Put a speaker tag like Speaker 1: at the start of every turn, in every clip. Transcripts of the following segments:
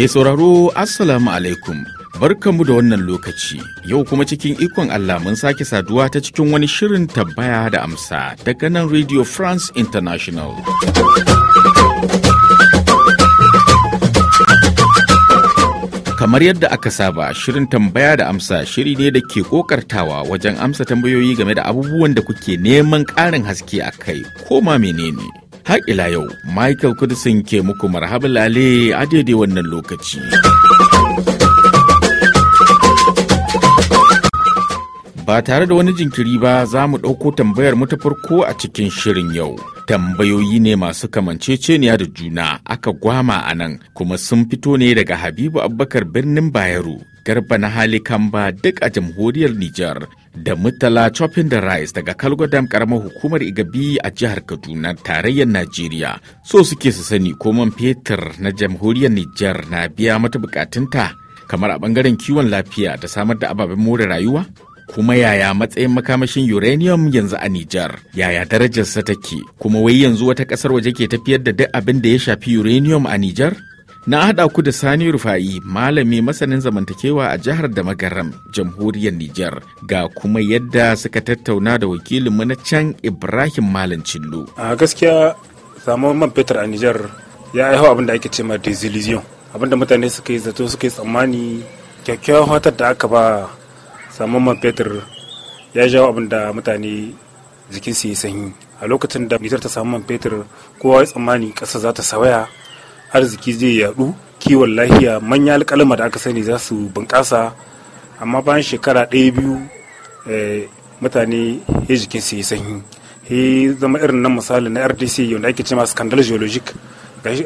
Speaker 1: Mai sauraro Assalamu alaikum mu da wannan lokaci yau kuma cikin ikon Allah mun sake saduwa ta cikin wani shirin tambaya da amsa daga nan Radio France International. Kamar yadda aka saba shirin tambaya da amsa shiri ne da ke kokartawa wajen amsa tambayoyi game da abubuwan da kuke neman ƙarin haske a kai koma menene. har ila yau michael kudisin ke muku marhaba lale a daidai wannan lokaci ba tare da wani jinkiri ba za mu ɗauko tambayar mu ta farko a cikin shirin yau tambayoyi ne masu kamanceceniya da juna aka gwama a nan kuma sun fito ne daga habibu abubakar birnin bayero garba na hali kamba duk a jamhuriyar Nijar da Murtala Chopin da Rice daga Kalgodam karamar hukumar Igabi a jihar Kaduna tarayyar Najeriya so suke su sani ko man fetur na jamhuriyar Nijar na biya mata bukatunta kamar a bangaren kiwon lafiya da samar da ababen more rayuwa? Kuma yaya matsayin makamashin uranium yanzu a Nijar? Yaya darajarsa take? Kuma wai yanzu wata ƙasar waje ke tafiyar da duk abin da ya shafi uranium a Nijar? Na haɗa ku da Sani Rufa'i, malami masanin zamantakewa a jihar da jamhuriyar Nijar, ga kuma yadda suka tattauna da wakilin na can Ibrahim Malam Cillo.
Speaker 2: A gaskiya samuwar man fetur a Nijar ya haihu abin da ake ce ma desillusion, abin da mutane suka yi zato suka yi tsammani kyakkyawan hatar da aka ba samuwar man fetur ya jawo abin da mutane jikinsu ya sanyi. A lokacin da Nijar ta samu man fetur kowa ya tsammani ƙasa za ta sauya arziki zai yadu kiwon lahiya manya alƙalama da aka sani za su bunƙasa amma bayan shekara ɗaya biyu eh, mutane ya jikin su yi sanyi he zama irin nan misali na rdc yadda ake cewa scandal geologic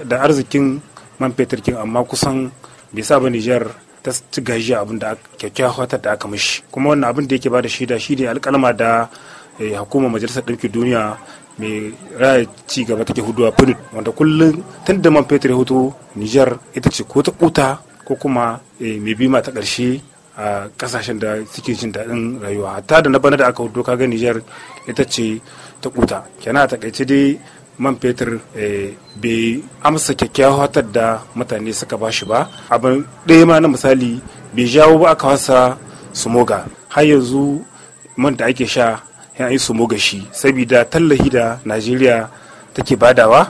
Speaker 2: da arzikin man fetur kin amma kusan bai sa ba nijar ta ci gaji abin da kyakkyawa da aka mishi kuma wannan abin da yake da shaida shi ne alƙalama da eh, hukumar majalisar ɗinkin duniya mai raya ci gaba take a pinut wanda kullum tun da man fetur ya hutu nijar ita ce ko ta kuta ko kuma eh, mai bima ta ƙarshe a kasashen da suke jin daɗin rayuwa hatta da na bana da aka hudu kaga nijar ita ce ta kuta kenan a takaice dai man fetur eh, bai amsa kyakkyawar hatar da mutane suka ba shi ba abin ɗaya ma na misali bai jawo ba aka wasa su moga har yanzu man da ake sha yan yi su gashi saboda tallahi da najeriya take badawa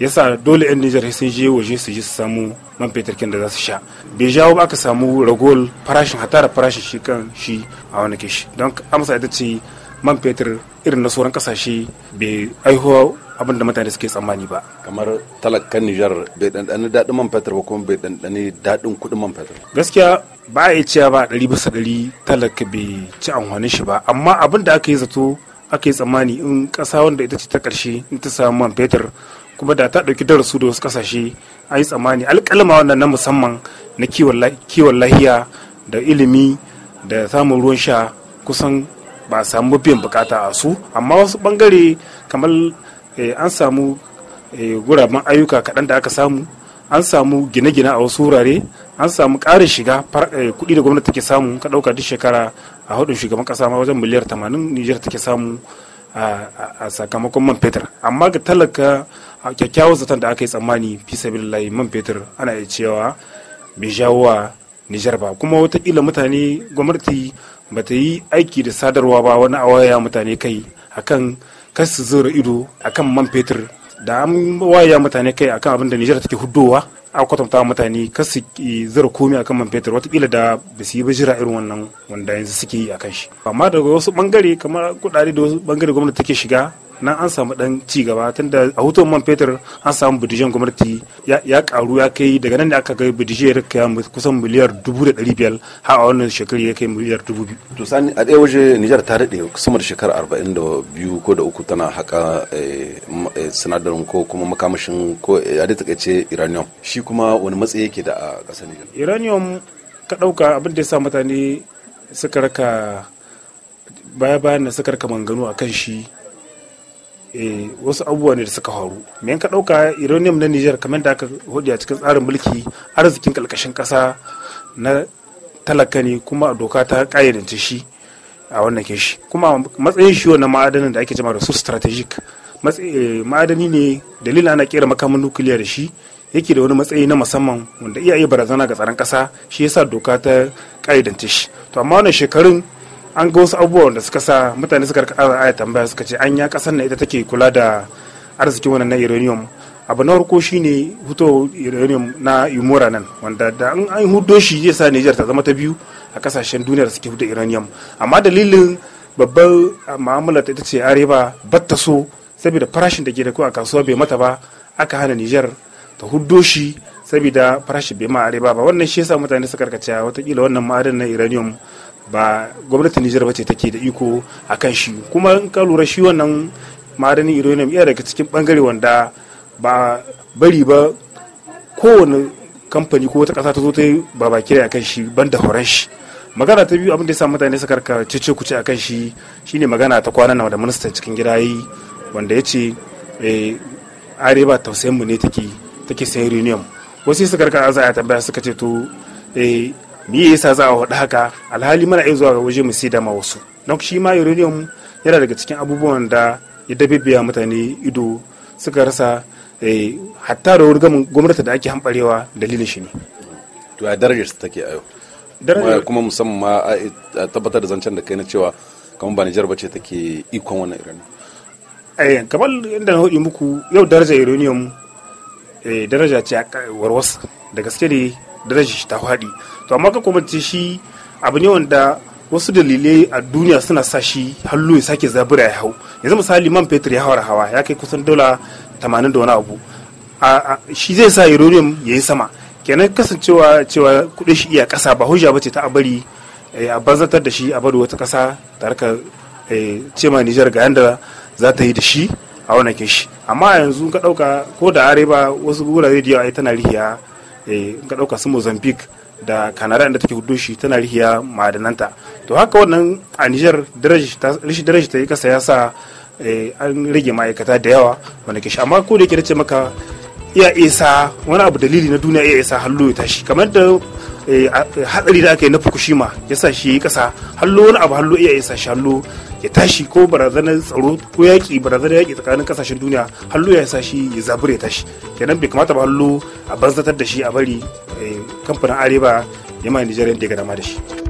Speaker 2: yasa dole yan nijar sun je waje su ji su samu man fetur da za su sha bai jawo ba aka samu ragol farashin hatara farashin shi kan shi a wani kishi don amsa ita ce man fetur irin na sauran kasashe bai aiho abin da mutane suke tsammani ba kamar talakan nijar bai ɗanɗani daɗin man fetur ba kuma bai ɗanɗani daɗin kuɗin man fetur gaskiya ba a cewa ba ɗari bisa ɗari talaka bai ci amfanin shi ba amma abin da aka yi zato aka yi tsammani in ƙasa wanda ita ce ta ƙarshe in ta samu man fetur kuma da ta ɗauki darasu da wasu ƙasashe a yi tsammani alƙalama wannan na musamman na kiwon lahiya da ilimi da samun ruwan sha kusan ba a samu biyan bukata a su amma wasu bangare kamar eh, an samu eh, guraben ayyuka kaɗan da aka samu an samu gine-gine a wasu wurare an samu ƙarin shiga eh, kuɗi da gwamnati take samu ka ɗauka duk shekara a hudun shugaban ƙasa ma wajen miliyar tamanin nijar take samu a sakamakon man fetur amma ga talaka kyakkyawan zaton da aka yi tsammani fi sabilillahi man fetur ana iya cewa bai jawo wa nijar ba kuma watakila mutane gwamnati ba ta yi aiki da sadarwa ba wani a waya mutane kai akan kan su zura ido akan man fetur da an waya mutane kai akan abin da Nijar take huddowa a kwatanta mutane kar su zura komi akan man fetur watakila da ba su yi bijira irin wannan wanda yanzu suke yi akan shi amma daga wasu bangare kamar kudade da wasu bangare gwamnati take shiga nan an samu dan ci gaba da a hutun man fetur an samu budijen gwamnati ya karu ya kai daga nan da aka kai budijen ya kai kusan miliyar dubu da ɗari biyar har a wannan shekaru ya kai miliyar dubu biyu.
Speaker 3: to sani a ɗaya waje nijar ta daɗe sama da shekara arba'in da biyu ko da uku tana haƙa eh, eh, sinadarin ko kuma makamashin ko eh, ya da takaice iranium shi kuma wani matsayi yake da a ƙasar nijar.
Speaker 2: iranium ka ɗauka abin da ya sa mutane suka raka baya bayan na suka raka manganu a kan shi Eh, wasu abubuwa ne da suka faru me ka ɗauka iranium na niger kamar da aka hudu a cikin tsarin mulki arzikin karkashin kasa na talaka ne kuma a doka ta kayyadance shi a wannan kishi kuma matsayin shi wannan ma'adanin da ake jama da su strategic eh, ma'adani ne dalilin ana kera makamin nukiliya da shi yake da wani matsayi na musamman wanda iya yi barazana ga tsaron kasa shi yasa doka ta kayyadance shi to amma wannan shekarun an ga wasu abubuwan da suka sa mutane suka rika aya tambaya suka ce ya kasar na ita take kula da arziki wannan na uranium abu na farko shine huto uranium na umura nan wanda da an an hudo shi zai sa Nijar ta zama ta biyu a kasashen duniya da suke hudo uranium amma dalilin babbar mu'amala ta ita ce areba batta so saboda farashin da ke da ko a kasuwa bai mata ba aka hana Nijar. ta hudo shi saboda farashin bai ma areba ba wannan shi yasa mutane suka karkace watakila wannan ma'adin na uranium ba gwamnatin Nijar bace take da iko a kan shi kuma in ka lura shi wannan ma'adanin uranium iya daga cikin bangare wanda ba bari ba kowane kamfani ko wata kasa ta zo ta yi babaki kan shi ban da horon shi magana ta biyu abin da ya sa mutane suka karka cece kuce kan shi shine magana ta kwanan nan da ministan cikin gida yi wanda ya ce eh, are ba tausayin mu ne take take sayan uranium wasu suka karka za a tambaya suka ce to eh, me yasa za a faɗi haka alhali mana iya zuwa ga waje mu sai da ma wasu don shi ma uranium yana daga cikin abubuwan da ya dabibbiya mutane ido suka rasa eh, hatta da wurin gwamnati da ake hambarewa dalilin shi ne to a darajar su take ayo
Speaker 3: kuma musamman ma a tabbatar da zancen da kai na cewa kamar ba Nijar ba ce take ikon wannan uranium
Speaker 2: eh kamar inda na hudu muku yau darajar uranium eh, daraja ce warwas da gaske ne darajar shi ta faɗi to amma ka kwamance shi abu ne wanda wasu dalilai a duniya suna sa shi halu ya sake zabura ya hau yanzu misali man fetur ya hawar hawa ya kai kusan dola 80 da wani abu shi zai sa uranium ya yi sama kenan kasancewa cewa kudin shi iya kasa ba hujja ba ce ta abari a eh, banzantar da shi a bari wata kasa tare ka eh, ce ma Nijar ga yanda za ta yi da shi a wannan shi amma yanzu ka dauka ko da areba wasu gurare da yawa tana rihiya eh, ka dauka su Mozambique da kanarai da take hudu shi tana rihiya ma'adananta to haka wannan a niger rishi daraji ta yi kasa ya sa eh, an rage ma'aikata da yawa wanda ke amma ko da yake ce maka iya isa wani abu dalili na duniya iya isa hallo ya tashi kamar da Eh, eh, hatsari da aka yi na fukushima ya sa shi kasa hallo wani abu hallo iya sa shi hallo ya tashi ko barazanar tsaro ko yaƙi barazanar yaƙi tsakanin kasashen duniya hallo ya sa shi ya zaburi ya tashi kenan bai kamata ba hallo a banzatar da shi a bari eh, kamfanin areba ya ma nijeriya da ya ga dama da shi.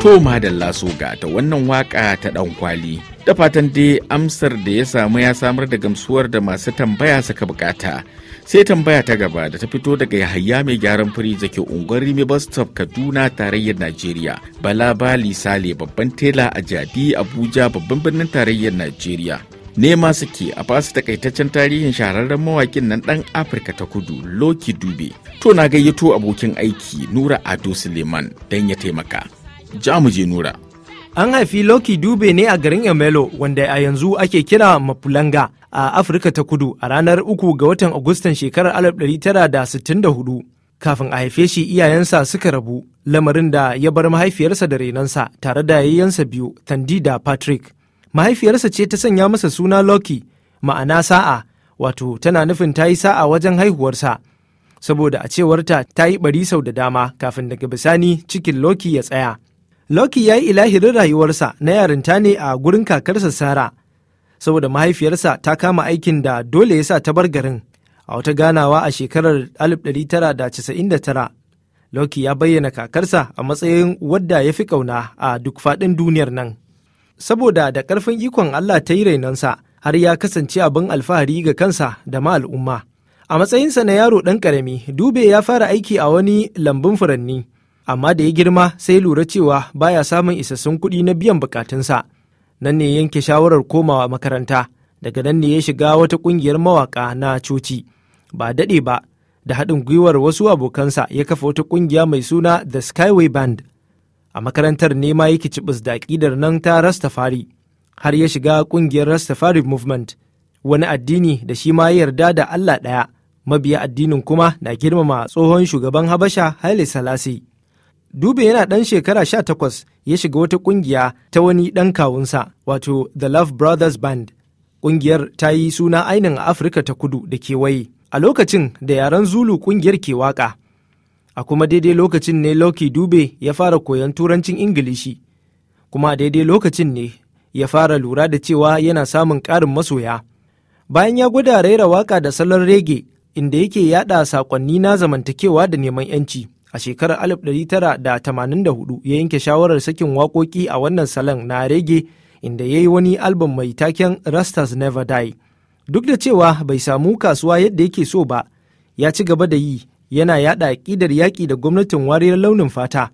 Speaker 1: To madalla Soga ga ta wannan waka ta dan kwali. Da fatan dai amsar da ya samu ya samar da gamsuwar da masu tambaya suka bukata. Sai tambaya ta gaba da ta fito daga Yahaya mai gyaran fari zake unguwar Rimi Bus Stop Kaduna tarayyar Najeriya. Bala Bali Sale babban tela a Jadi Abuja babban birnin tarayyar Najeriya. Nema suke a basu takaitaccen tarihin shahararren mawakin nan dan Afirka ta kudu Loki Dube. To na gayyato abokin aiki Nura Ado Suleiman don ya taimaka. ja nura
Speaker 4: an haifi loki dube ne a garin emelo wanda a yanzu ake kira mapulanga a afirka ta kudu a ranar 3 ga watan agustan shekarar 1964 kafin a haife shi iyayensa suka rabu lamarin da ya bar mahaifiyarsa da renansa tare da yayyansa biyu tandi da patrick mahaifiyarsa ce ta sanya masa suna loki ma'ana sa'a wato tana nufin ta yi sa'a wajen haihuwarsa saboda a cewarta ta yi bari sau da dama kafin daga bisani cikin loki ya tsaya Loki ya yi ilahirin rayuwarsa na yarinta ne a gurin kakarsa Sara, saboda mahaifiyarsa ta kama aikin da dole ya sa ta bar garin. A wata ganawa a shekarar 1999, Loki ya bayyana kakarsa a matsayin wadda ya fi ƙauna a duk faɗin duniyar nan. Saboda da ƙarfin ikon Allah ta yi rainonsa, har ya kasance abin alfahari ga kansa da ma al'umma. A matsayinsa na yaro ɗan ƙarami, Dube ya fara aiki a wani lambun furanni. amma da ya girma sai lura cewa baya samun isassun kuɗi na biyan bukatunsa nan ne yanke shawarar komawa makaranta daga nan ne ya shiga wata ƙungiyar mawaka na coci ba daɗe ba da haɗin gwiwar wasu abokansa ya kafa wata ƙungiya mai suna the skyway band a makarantar ne ma yake cibis da aƙidar nan ta rastafari har ya shiga ƙungiyar rastafari movement wani addini da shi ma yarda da allah ɗaya mabiya addinin kuma na girmama tsohon shugaban habasha haile salasi Dube yana ɗan shekara sha takwas ya shiga wata ƙungiya ta wani ɗan kawunsa wato The Love Brothers Band. Ƙungiyar ta yi suna ainin a Afirka ta kudu da kewaye. A lokacin da yaren Zulu ƙungiyar ke waƙa. A kuma daidai lokacin ne Loki Dube ya fara koyon turancin Ingilishi. Kuma daidai lokacin ne ya fara lura da cewa yana samun ƙarin masoya. Bayan ya gwada raira waƙa da salon rege inda yake yaɗa saƙonni na zamantakewa da neman 'yanci. a shekarar 1984 ya yanke shawarar sakin waƙoƙi a wannan salon na rege inda ya yi wani album mai taken Rastas Never Die. Duk da cewa bai samu kasuwa yadda yake so ba, ya ci gaba da yi yana yada ƙidar yaƙi da gwamnatin wariyar launin fata.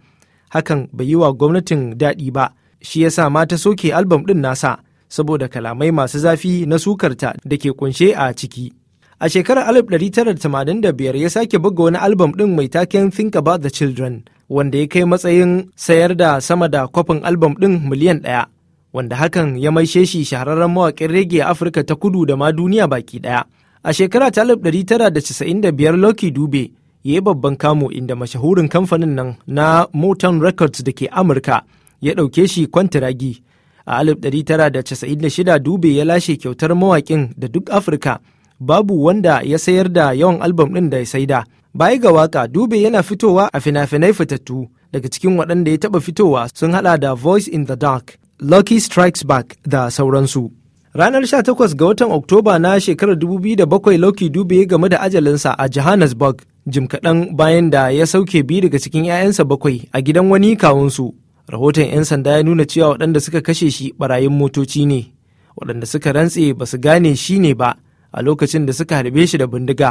Speaker 4: Hakan bai yi wa gwamnatin daɗi ba, shi ya sa mata ta soke album ɗin nasa, saboda kalamai masu zafi na sukarta da ke kunshe a ciki. A shekarar 1985 ya sake buga wani albam ɗin mai taken Think About the Children, wanda ya kai matsayin sayar da sama da kwafin albam ɗin miliyan ɗaya, wanda hakan ya maishe shi shahararren mawaƙin rege a Afirka ta kudu da ma duniya baki ɗaya. A shekara ta 1995 Lucky Dube ya yi babban kamo inda mashahurin kamfanin nan na Motown Records da ke Amurka ya ɗauke shi kwantiragi. A 1996 Dube ya lashe kyautar mawaƙin da duk Afirka babu wanda ya sayar da yawan albam ɗin da ya saida. Baya ga waka dube yana fitowa a fina-finai fitattu daga cikin waɗanda ya taɓa fitowa sun haɗa da Voice in the Dark, Lucky Strikes Back da sauransu. Ranar 18 ga watan Oktoba na shekarar 2007 Lucky Dube ya game da ajalinsa a Johannesburg, jim kaɗan bayan da ya sauke biyu daga cikin 'ya'yansa bakwai a gidan wani kawunsu. Rahoton 'yan sanda ya nuna cewa waɗanda suka kashe shi barayin motoci ne, waɗanda suka rantse ba su gane shi ne ba, a lokacin da suka harbe shi da bindiga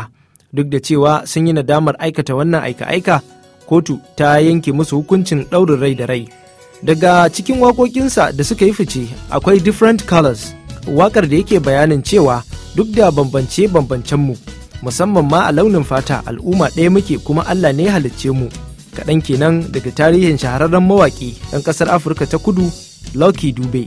Speaker 4: duk da cewa sun yi nadamar aikata wannan aika-aika kotu ta yanke musu hukuncin ɗaurin rai da rai daga cikin waƙoƙinsa da suka yi fice akwai different colors waƙar da yake bayanin cewa duk da bambance bambancen mu musamman ma a launin fata al'umma ɗaya muke kuma allah ne halicce mu kaɗan kenan daga tarihin shahararren mawaƙi ɗan ƙasar afirka ta kudu lucky dube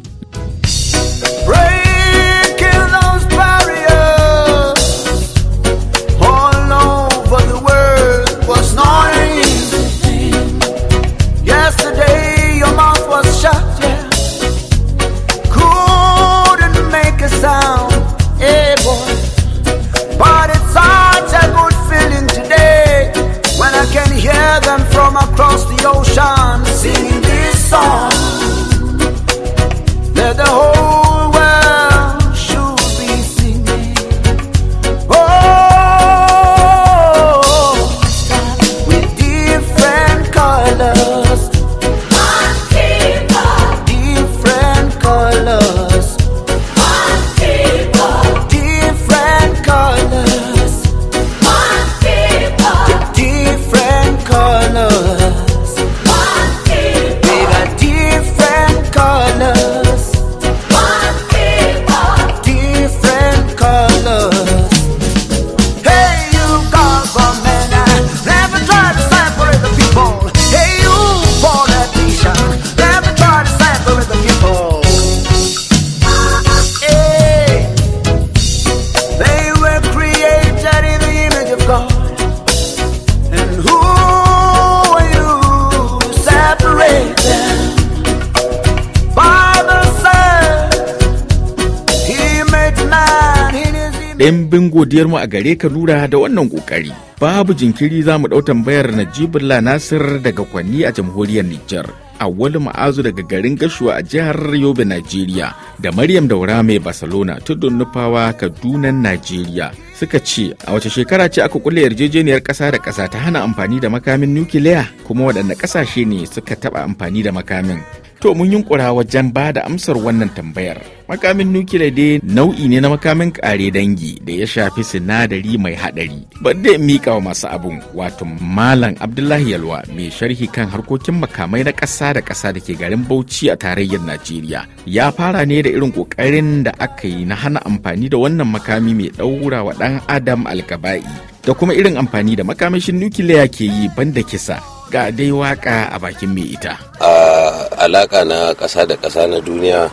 Speaker 1: godiyarmu mu a gare ka lura da wannan kokari. Babu jinkiri za mu ɗau tambayar najibulla Nasir daga Kwanni a jamhuriyar Nijar. Auwalu Ma'azu daga garin Gashuwa a jihar Yobe, Najeriya, da Maryam Daura mai Barcelona tudun nufawa Kadunan Najeriya. Suka ce a wace shekara ce aka kulle yarjejeniyar ƙasa da ƙasa ta hana amfani da makamin nukiliya kuma waɗanne ƙasashe ne suka taɓa amfani da makamin. To mun yunkura wajen ba da amsar wannan tambayar. Makamin nukiliya dai nau'i ne na makamin kare dangi da ya shafi sinadari mai haɗari. Banda ya mika wa masu abun wato Malam Abdullahi Yalwa mai sharhi kan harkokin makamai na ƙasa da ƙasa da ke garin Bauchi a tarayyar Najeriya. Ya fara ne da irin ƙoƙarin da aka yi na hana amfani da wannan makami mai ɗaura wa ɗan Adam alkaba'i da kuma irin amfani da makamashin nukiliya ke yi banda kisa ga dai waka a bakin mai ita.
Speaker 3: A alaka na ƙasa da ƙasa na duniya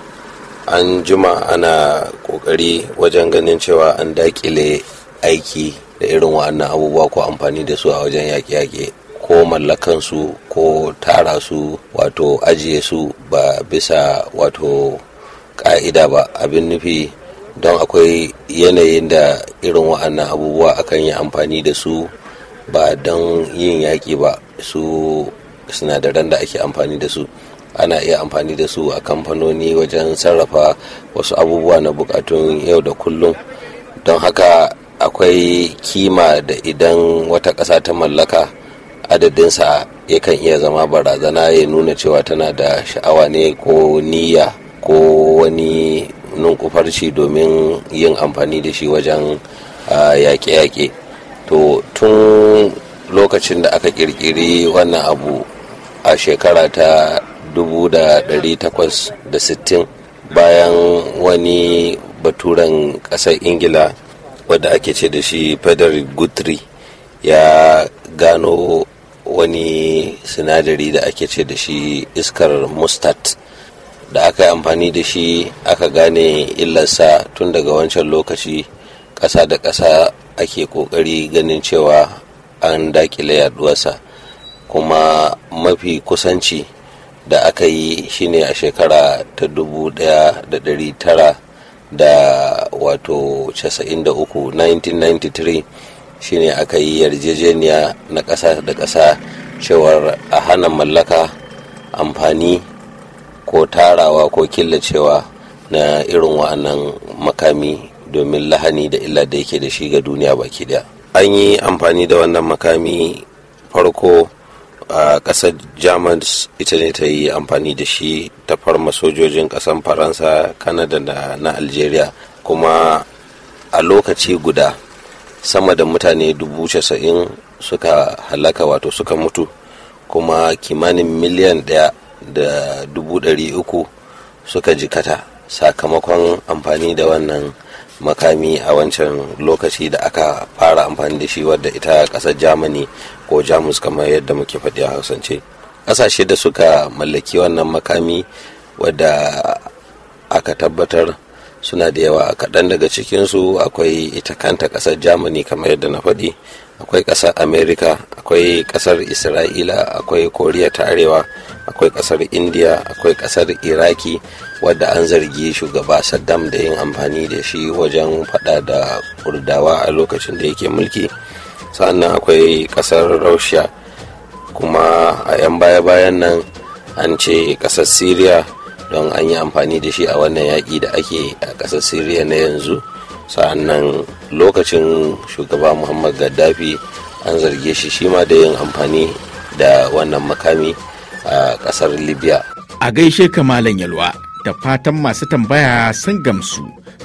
Speaker 3: an jima ana ƙoƙari wajen ganin cewa an dakile aiki da irin wa'annan abubuwa ko amfani da su a wajen yaƙe-yaƙe ko mallakan su ko tara su wato ajiye su ba bisa wato ƙa'ida ba abin nufi don akwai yanayin da irin wa'annan abubuwa akan yi amfani da su ba don yin yaƙi ba su sinadaran da ake amfani da su ana iya amfani da su a kamfanoni wajen sarrafa wasu abubuwa na bukatun yau da kullum don haka akwai kima da idan wata ƙasa ta mallaka adadinsa yakan iya zama barazana ya nuna cewa tana da sha'awa ne ko niyya ko wani nunkufarci domin yin amfani da shi wajen ah, yaƙe-yaƙe to tun lokacin da aka kirkiri wannan abu a shekara ta 1860 bayan wani baturen ƙasar ingila wadda ake ce da shi frederick guthrie ya gano wani sinadari da ake ce da shi iskar mustard da aka yi amfani da shi aka gane illarsa tun daga wancan lokaci ƙasa da ƙasa ake ƙoƙari ganin cewa an dakile yaduwarsa kuma mafi kusanci da aka yi shine a shekara ta 1900 da wato 93 1993 shine aka yi yarjejeniya na ƙasa da ƙasa cewar a hana mallaka amfani ko tarawa ko killacewa na irin wa'annan makami domin lahani da illa da yake da shi ga duniya baki daya an yi amfani da wannan makami farko a ƙasar germans ita ne ta yi amfani da shi ta farma sojojin ƙasar faransa kanada da na algeria kuma a lokaci guda sama da mutane dubu casa'in suka halaka wato suka mutu kuma kimanin miliyan ɗaya da dubu dari uku suka jikata sakamakon amfani da wannan makami a wancan lokaci da aka fara amfani da shi wadda ita kasar germany ko jamus kamar yadda muke faɗi a hausance ƙasashe da suka mallaki wannan makami wadda aka tabbatar suna da yawa kaɗan daga cikinsu akwai ita kanta ƙasar germany kamar yadda na faɗi akwai ƙasar america akwai ƙasar isra'ila akwai koriya ta arewa akwai ƙasar indiya akwai ƙasar iraki wadda an zargi shugaba saddam da yin amfani da shi wajen fada da kurdawa a lokacin da yake mulki sannan akwai kasar russia kuma a 'yan baya-bayan nan an ce kasar syria don an yi amfani da shi a wannan yaƙi da ake a ƙasar syria na yanzu sannan lokacin shugaba muhammad gaddafi an zarge shi shi ma da yin amfani da wannan makami a ƙasar libya
Speaker 1: a gaishe ka malam yalwa da fatan masu tambaya sun gamsu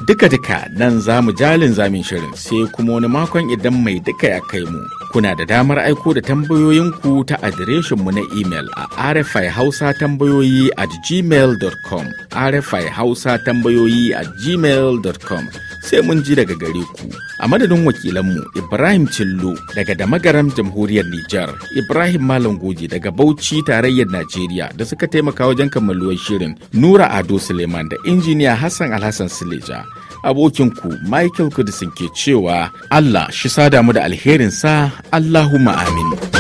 Speaker 1: duka-duka nan za mu jalin zamin shirin sai kuma wani makon idan mai duka ya kai mu. Kuna da damar aiko da tambayoyinku ta adireshinmu na imel a rfihausa Hausa tambayoyi at gmail.com RFI Hausa tambayoyi at gmail.com sai mun ji daga gare ku. A madadin wakilanmu Ibrahim Cillo daga Damagaram Jamhuriyar Nijar, Ibrahim Malam Goji daga Bauchi Tarayyar Najeriya da suka taimaka wajen kammaluwar shirin Nura Ado Suleiman da injiniya Hassan Alhassan Sileja. abokin ku Michael Kudisin ke cewa Allah shi sada mu da alherinsa Allahumma amin.